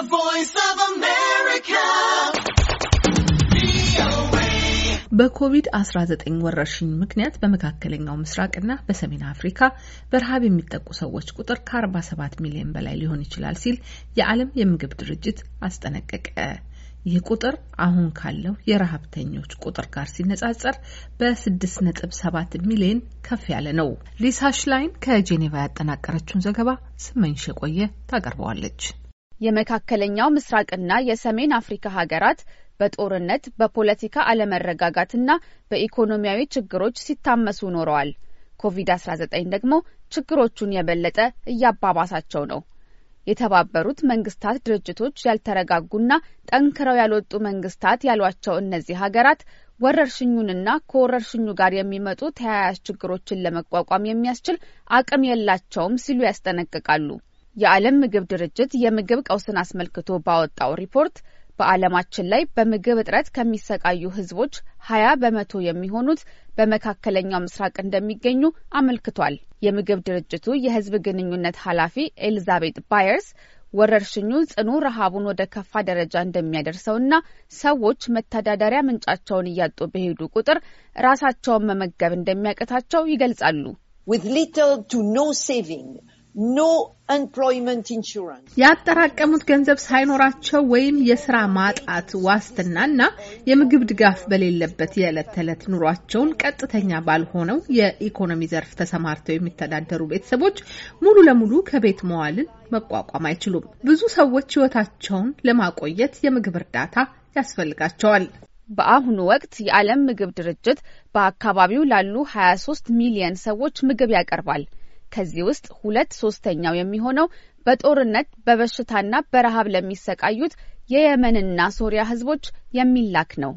The Voice of America. በኮቪድ-19 ወረርሽኝ ምክንያት በመካከለኛው ምስራቅና በሰሜን አፍሪካ በረሃብ የሚጠቁ ሰዎች ቁጥር ከ47 ሚሊዮን በላይ ሊሆን ይችላል ሲል የዓለም የምግብ ድርጅት አስጠነቀቀ። ይህ ቁጥር አሁን ካለው የረሃብተኞች ቁጥር ጋር ሲነጻጸር በ6.7 ሚሊዮን ከፍ ያለ ነው። ሊሳ ሽላይን ከጄኔቫ ያጠናቀረችውን ዘገባ ስመኝሽ የቆየ ታቀርበዋለች። የመካከለኛው ምስራቅና የሰሜን አፍሪካ ሀገራት በጦርነት በፖለቲካ አለመረጋጋትና በኢኮኖሚያዊ ችግሮች ሲታመሱ ኖረዋል። ኮቪድ-19 ደግሞ ችግሮቹን የበለጠ እያባባሳቸው ነው። የተባበሩት መንግስታት ድርጅቶች ያልተረጋጉና ጠንክረው ያልወጡ መንግስታት ያሏቸው እነዚህ ሀገራት ወረርሽኙንና ከወረርሽኙ ጋር የሚመጡ ተያያዥ ችግሮችን ለመቋቋም የሚያስችል አቅም የላቸውም ሲሉ ያስጠነቅቃሉ። የዓለም ምግብ ድርጅት የምግብ ቀውስን አስመልክቶ ባወጣው ሪፖርት በዓለማችን ላይ በምግብ እጥረት ከሚሰቃዩ ህዝቦች ሀያ በመቶ የሚሆኑት በመካከለኛው ምስራቅ እንደሚገኙ አመልክቷል። የምግብ ድርጅቱ የህዝብ ግንኙነት ኃላፊ ኤልዛቤት ባየርስ ወረርሽኙ ጽኑ ረሃቡን ወደ ከፋ ደረጃ እንደሚያደርሰውና ሰዎች መተዳደሪያ ምንጫቸውን እያጡ በሄዱ ቁጥር ራሳቸውን መመገብ እንደሚያቅታቸው ይገልጻሉ። ኖ ያጠራቀሙት ገንዘብ ሳይኖራቸው ወይም የስራ ማጣት ዋስትናና የምግብ ድጋፍ በሌለበት የዕለት ተዕለት ኑሯቸውን ቀጥተኛ ባልሆነው የኢኮኖሚ ዘርፍ ተሰማርተው የሚተዳደሩ ቤተሰቦች ሙሉ ለሙሉ ከቤት መዋልን መቋቋም አይችሉም። ብዙ ሰዎች ህይወታቸውን ለማቆየት የምግብ እርዳታ ያስፈልጋቸዋል። በአሁኑ ወቅት የዓለም ምግብ ድርጅት በአካባቢው ላሉ 23 ሚሊየን ሰዎች ምግብ ያቀርባል። ከዚህ ውስጥ ሁለት ሶስተኛው የሚሆነው በጦርነት በበሽታና በረሃብ ለሚሰቃዩት የየመንና ሶሪያ ህዝቦች የሚላክ ነው።